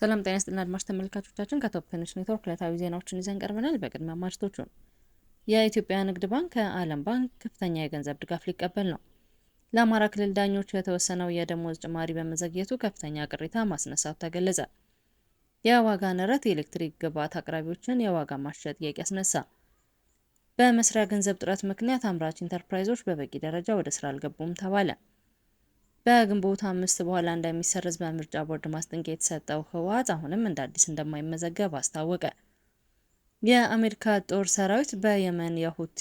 ሰላም ጤና ስጥና አድማጭ ተመልካቾቻችን ከቶፕንሽ ኔትወርክ ዕለታዊ ዜናዎችን ይዘን ቀርበናል። በቅድሚያ አማጭቶቹ የኢትዮጵያ ንግድ ባንክ ከዓለም ባንክ ከፍተኛ የገንዘብ ድጋፍ ሊቀበል ነው። ለአማራ ክልል ዳኞች የተወሰነው የደሞዝ ጭማሪ በመዘግየቱ ከፍተኛ ቅሬታ ማስነሳቱ ተገለጸ። የዋጋ ንረት የኤሌክትሪክ ግብዓት አቅራቢዎችን የዋጋ ማሻሻያ ጥያቄ አስነሳ። በመስሪያ ገንዘብ ጥረት ምክንያት አምራች ኢንተርፕራይዞች በበቂ ደረጃ ወደ ስራ አልገቡም ተባለ። በግንቦት አምስት በኋላ እንደሚሰረዝ በምርጫ ቦርድ ማስጠንቀቂያ የተሰጠው ህወሓት አሁንም እንደ አዲስ እንደማይመዘገብ አስታወቀ። የአሜሪካ ጦር ሰራዊት በየመን የሁቲ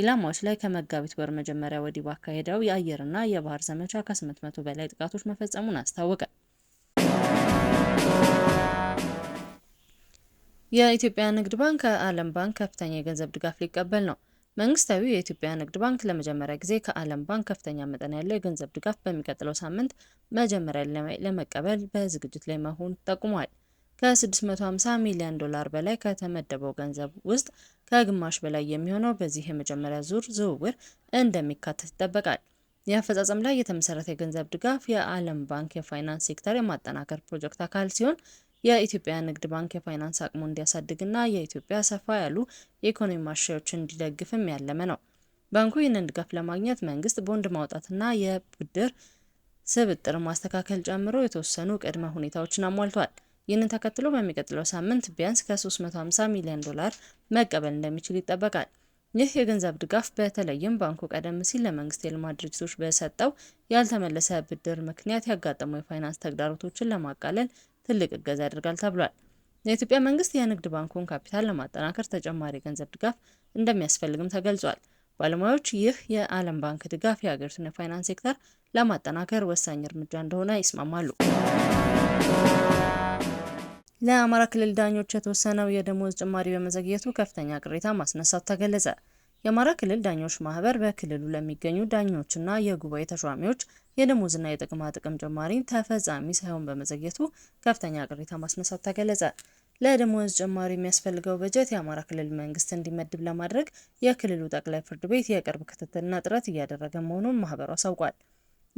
ኢላማዎች ላይ ከመጋቢት ወር መጀመሪያ ወዲህ ባካሄደው የአየርና የባህር ዘመቻ ከ800 በላይ ጥቃቶች መፈጸሙን አስታወቀ። የኢትዮጵያ ንግድ ባንክ ከዓለም ባንክ ከፍተኛ የገንዘብ ድጋፍ ሊቀበል ነው። መንግስታዊ የኢትዮጵያ ንግድ ባንክ ለመጀመሪያ ጊዜ ከዓለም ባንክ ከፍተኛ መጠን ያለው የገንዘብ ድጋፍ በሚቀጥለው ሳምንት መጀመሪያ ለመቀበል በዝግጅት ላይ መሆኑ ጠቁሟል። ከ650 ሚሊዮን ዶላር በላይ ከተመደበው ገንዘብ ውስጥ ከግማሽ በላይ የሚሆነው በዚህ የመጀመሪያ ዙር ዝውውር እንደሚካተት ይጠበቃል። የአፈጻጸም ላይ የተመሰረተ የገንዘብ ድጋፍ የዓለም ባንክ የፋይናንስ ሴክተር የማጠናከር ፕሮጀክት አካል ሲሆን የኢትዮጵያ ንግድ ባንክ የፋይናንስ አቅሙ እንዲያሳድግና የኢትዮጵያ ሰፋ ያሉ የኢኮኖሚ ማሻሻያዎችን እንዲደግፍም ያለመ ነው። ባንኩ ይህንን ድጋፍ ለማግኘት መንግስት ቦንድ ማውጣትና የብድር ስብጥር ማስተካከል ጨምሮ የተወሰኑ ቅድመ ሁኔታዎችን አሟልቷል። ይህንን ተከትሎ በሚቀጥለው ሳምንት ቢያንስ ከ350 ሚሊዮን ዶላር መቀበል እንደሚችል ይጠበቃል። ይህ የገንዘብ ድጋፍ በተለይም ባንኩ ቀደም ሲል ለመንግስት የልማት ድርጅቶች በሰጠው ያልተመለሰ ብድር ምክንያት ያጋጠሙ የፋይናንስ ተግዳሮቶችን ለማቃለል ትልቅ እገዛ ያደርጋል ተብሏል። የኢትዮጵያ መንግስት የንግድ ባንኩን ካፒታል ለማጠናከር ተጨማሪ ገንዘብ ድጋፍ እንደሚያስፈልግም ተገልጿል። ባለሙያዎች ይህ የዓለም ባንክ ድጋፍ የሀገሪቱን የፋይናንስ ሴክተር ለማጠናከር ወሳኝ እርምጃ እንደሆነ ይስማማሉ። ለአማራ ክልል ዳኞች የተወሰነው የደሞዝ ጭማሪ በመዘግየቱ ከፍተኛ ቅሬታ ማስነሳቱ ተገለጸ። የአማራ ክልል ዳኞች ማህበር በክልሉ ለሚገኙ ዳኞችና የጉባኤ ተሿሚዎች የደሞዝና የጥቅማ ጥቅም ጭማሪ ተፈጻሚ ሳይሆን በመዘግየቱ ከፍተኛ ቅሬታ ማስነሳት ተገለጸ። ለደሞዝ ጭማሪ የሚያስፈልገው በጀት የአማራ ክልል መንግስት እንዲመድብ ለማድረግ የክልሉ ጠቅላይ ፍርድ ቤት የቅርብ ክትትልና ጥረት እያደረገ መሆኑን ማህበሩ አሳውቋል።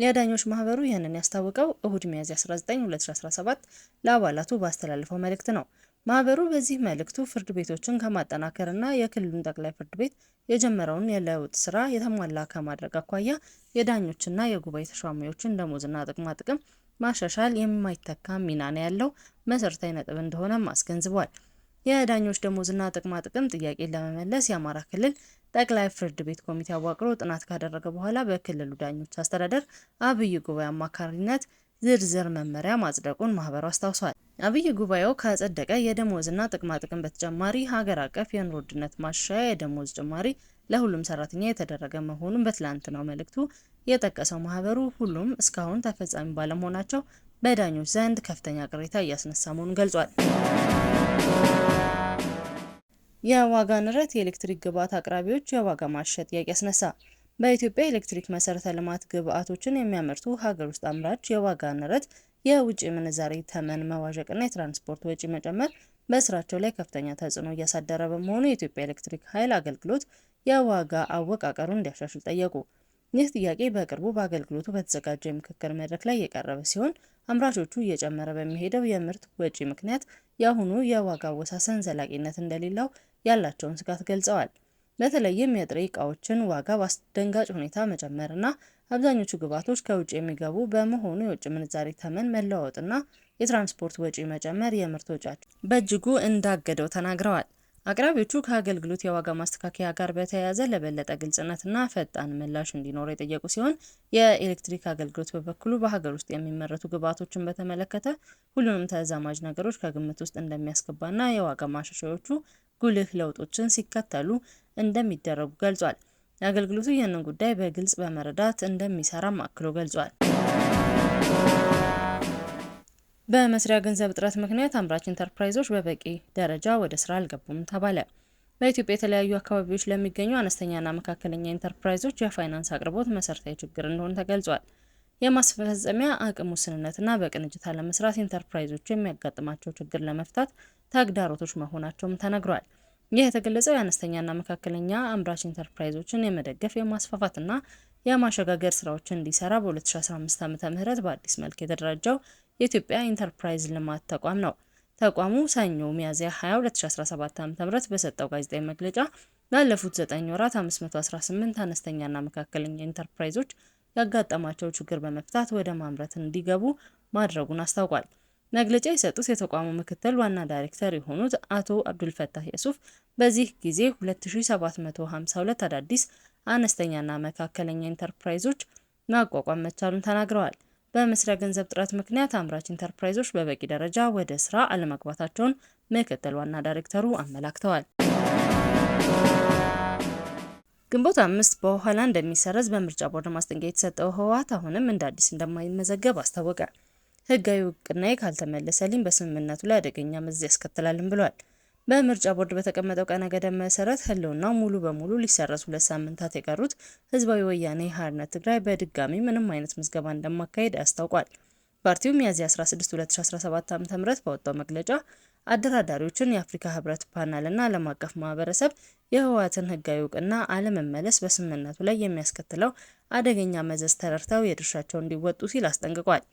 የዳኞች ማህበሩ ይህንን ያስታወቀው እሁድ ሚያዝያ 19 2017 ለአባላቱ ባስተላለፈው መልእክት ነው። ማህበሩ በዚህ መልእክቱ ፍርድ ቤቶችን ከማጠናከርና የክልሉን ጠቅላይ ፍርድ ቤት የጀመረውን የለውጥ ስራ የተሟላ ከማድረግ አኳያ የዳኞችና የጉባኤ ተሿሚዎችን ደሞዝና ጥቅማ ጥቅም ማሻሻል የማይተካ ሚና ነው ያለው መሰረታዊ ነጥብ እንደሆነም አስገንዝቧል። የዳኞች ደሞዝና ጥቅማ ጥቅም ጥያቄን ለመመለስ የአማራ ክልል ጠቅላይ ፍርድ ቤት ኮሚቴ አዋቅሮ ጥናት ካደረገ በኋላ በክልሉ ዳኞች አስተዳደር አብይ ጉባኤ አማካሪነት ዝርዝር መመሪያ ማጽደቁን ማህበሩ አስታውሷል። አብይ ጉባኤው ከጸደቀ የደሞዝና ጥቅማጥቅም በተጨማሪ ሀገር አቀፍ የኑሮ ውድነት ማሻሻያ የደሞዝ ጭማሪ ለሁሉም ሰራተኛ የተደረገ መሆኑን በትላንትናው መልእክቱ የጠቀሰው ማህበሩ ሁሉም እስካሁን ተፈጻሚ ባለመሆናቸው በዳኞች ዘንድ ከፍተኛ ቅሬታ እያስነሳ መሆኑን ገልጿል። የዋጋ ንረት የኤሌክትሪክ ግብዓት አቅራቢዎች የዋጋ ማሻሻያ ጥያቄ አስነሳ። በኢትዮጵያ ኤሌክትሪክ መሰረተ ልማት ግብዓቶችን የሚያመርቱ ሀገር ውስጥ አምራች የዋጋ ንረት፣ የውጭ ምንዛሬ ተመን መዋዠቅና የትራንስፖርት ወጪ መጨመር በስራቸው ላይ ከፍተኛ ተጽዕኖ እያሳደረ በመሆኑ የኢትዮጵያ ኤሌክትሪክ ኃይል አገልግሎት የዋጋ አወቃቀሩ እንዲያሻሽል ጠየቁ። ይህ ጥያቄ በቅርቡ በአገልግሎቱ በተዘጋጀ የምክክር መድረክ ላይ የቀረበ ሲሆን አምራቾቹ እየጨመረ በሚሄደው የምርት ወጪ ምክንያት የአሁኑ የዋጋ አወሳሰን ዘላቂነት እንደሌለው ያላቸውን ስጋት ገልጸዋል። በተለይም የጥሬ ዕቃዎችን ዋጋ በአስደንጋጭ ሁኔታ መጨመርና አብዛኞቹ ግብዓቶች ከውጭ የሚገቡ በመሆኑ የውጭ ምንዛሬ ተመን መለዋወጥና የትራንስፖርት ወጪ መጨመር የምርት ወጪያቸው በእጅጉ እንዳገደው ተናግረዋል። አቅራቢዎቹ ከአገልግሎት የዋጋ ማስተካከያ ጋር በተያያዘ ለበለጠ ግልጽነትና ፈጣን ምላሽ እንዲኖር የጠየቁ ሲሆን የኤሌክትሪክ አገልግሎት በበኩሉ በሀገር ውስጥ የሚመረቱ ግብዓቶችን በተመለከተ ሁሉንም ተዛማጅ ነገሮች ከግምት ውስጥ እንደሚያስገባና የዋጋ ማሻሻያዎቹ ጉልህ ለውጦችን ሲከተሉ እንደሚደረጉ ገልጿል። አገልግሎቱ ይህንን ጉዳይ በግልጽ በመረዳት እንደሚሰራም አክሎ ገልጿል። በመስሪያ ገንዘብ እጥረት ምክንያት አምራች ኢንተርፕራይዞች በበቂ ደረጃ ወደ ስራ አልገቡም ተባለ። በኢትዮጵያ የተለያዩ አካባቢዎች ለሚገኙ አነስተኛና መካከለኛ ኢንተርፕራይዞች የፋይናንስ አቅርቦት መሰረታዊ ችግር እንደሆነ ተገልጿል። የማስፈጸሚያ አቅም ውስንነትና በቅንጅት አለመስራት ኢንተርፕራይዞቹ የሚያጋጥማቸው ችግር ለመፍታት ተግዳሮቶች መሆናቸውም ተነግሯል። ይህ የተገለጸው የአነስተኛና መካከለኛ አምራች ኢንተርፕራይዞችን የመደገፍ የማስፋፋትና የማሸጋገር ስራዎችን እንዲሰራ በ2015 ዓ ም በአዲስ መልክ የተደራጀው የኢትዮጵያ ኢንተርፕራይዝ ልማት ተቋም ነው። ተቋሙ ሰኞ ሚያዝያ 20 2017 ዓ ም በሰጠው ጋዜጣዊ መግለጫ ላለፉት 9 ወራት 518 አነስተኛና መካከለኛ ኢንተርፕራይዞች ያጋጠማቸው ችግር በመፍታት ወደ ማምረት እንዲገቡ ማድረጉን አስታውቋል። መግለጫ የሰጡት የተቋሙ ምክትል ዋና ዳይሬክተር የሆኑት አቶ አብዱልፈታህ የሱፍ በዚህ ጊዜ 2752 አዳዲስ አነስተኛና መካከለኛ ኢንተርፕራይዞች ማቋቋም መቻሉን ተናግረዋል። በመስሪያ ገንዘብ ጥረት ምክንያት አምራች ኢንተርፕራይዞች በበቂ ደረጃ ወደ ስራ አለመግባታቸውን ምክትል ዋና ዳይሬክተሩ አመላክተዋል። ግንቦት አምስት በኋላ እንደሚሰረዝ በምርጫ ቦርድ ማስጠንቀቂያ የተሰጠው ህወሓት አሁንም እንደ አዲስ እንደማይመዘገብ አስታወቀ። ህጋዊ እውቅናዬ ካልተመለሰልኝ በስምምነቱ ላይ አደገኛ መዘዝ ያስከትላልም ብሏል። በምርጫ ቦርድ በተቀመጠው ቀነ ገደብ መሰረት ህልውናው ሙሉ በሙሉ ሊሰረዝ ሁለት ሳምንታት የቀሩት ህዝባዊ ወያኔ ሓርነት ትግራይ በድጋሚ ምንም አይነት ምዝገባ እንደማካሄድ አስታውቋል። ፓርቲው ሚያዝያ 16 2017 ዓ.ም ባወጣው መግለጫ አደራዳሪዎችን የአፍሪካ ህብረት ፓናልና ዓለም አቀፍ ማህበረሰብ የህወሓትን ህጋዊ እውቅና አለመመለስ በስምምነቱ ላይ የሚያስከትለው አደገኛ መዘዝ ተረድተው የድርሻቸው እንዲወጡ ሲል አስጠንቅቋል።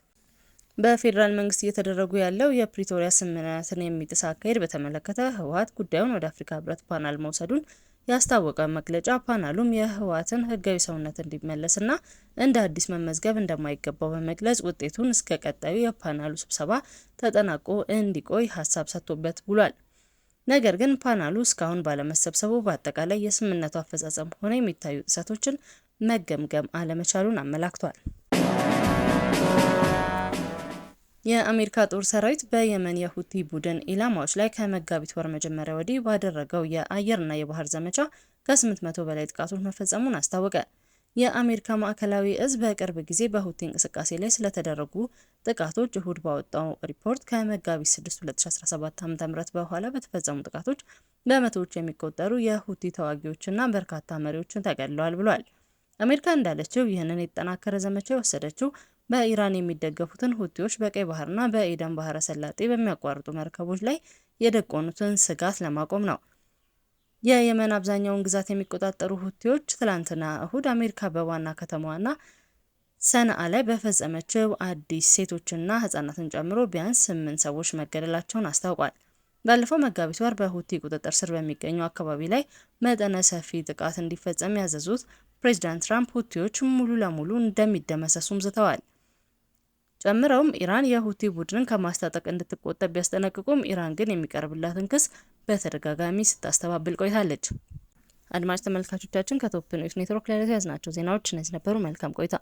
በፌዴራል መንግስት እየተደረጉ ያለው የፕሪቶሪያ ስምምነትን የሚጥስ አካሄድ በተመለከተ ህወሓት ጉዳዩን ወደ አፍሪካ ህብረት ፓናል መውሰዱን ያስታወቀ መግለጫ ፓናሉም የህወሓትን ህጋዊ ሰውነት እንዲመለስና እንደ አዲስ መመዝገብ እንደማይገባው በመግለጽ ውጤቱን እስከ ቀጣዩ የፓናሉ ስብሰባ ተጠናቆ እንዲቆይ ሀሳብ ሰጥቶበት ብሏል። ነገር ግን ፓናሉ እስካሁን ባለመሰብሰቡ በአጠቃላይ የስምምነቱ አፈጻጸም ሆነ የሚታዩ ጥሰቶችን መገምገም አለመቻሉን አመላክቷል። የአሜሪካ ጦር ሰራዊት በየመን የሁቲ ቡድን ኢላማዎች ላይ ከመጋቢት ወር መጀመሪያ ወዲህ ባደረገው የአየርና የባህር ዘመቻ ከ800 በላይ ጥቃቶች መፈጸሙን አስታወቀ። የአሜሪካ ማዕከላዊ እዝ በቅርብ ጊዜ በሁቲ እንቅስቃሴ ላይ ስለተደረጉ ጥቃቶች እሁድ ባወጣው ሪፖርት ከመጋቢት 6 2017 ዓ.ም በኋላ በተፈጸሙ ጥቃቶች በመቶዎች የሚቆጠሩ የሁቲ ተዋጊዎችና በርካታ መሪዎችን ተገድለዋል ብሏል። አሜሪካ እንዳለችው ይህንን የተጠናከረ ዘመቻ የወሰደችው በኢራን የሚደገፉትን ሁቲዎች በቀይ ባህርና በኤደን ባህረ ሰላጤ በሚያቋርጡ መርከቦች ላይ የደቆኑትን ስጋት ለማቆም ነው። የየመን አብዛኛውን ግዛት የሚቆጣጠሩ ሁቲዎች ትላንትና እሁድ አሜሪካ በዋና ከተማዋና ሰንዓ ላይ በፈጸመችው አዲስ ሴቶችና ህጻናትን ጨምሮ ቢያንስ ስምንት ሰዎች መገደላቸውን አስታውቋል። ባለፈው መጋቢት ወር በሁቲ ቁጥጥር ስር በሚገኙ አካባቢ ላይ መጠነ ሰፊ ጥቃት እንዲፈጸም ያዘዙት ፕሬዚዳንት ትራምፕ ሁቲዎች ሙሉ ለሙሉ እንደሚደመሰሱም ዝተዋል። ጨምረውም ኢራን የሁቲ ቡድንን ከማስታጠቅ እንድትቆጠብ ቢያስጠነቅቁም ኢራን ግን የሚቀርብላትን ክስ በተደጋጋሚ ስታስተባብል ቆይታለች። አድማጭ ተመልካቾቻችን ከቶፕ ኒውስ ኔትወርክ ለዕለቱ ያዝናቸው ዜናዎች እነዚህ ነበሩ። መልካም ቆይታ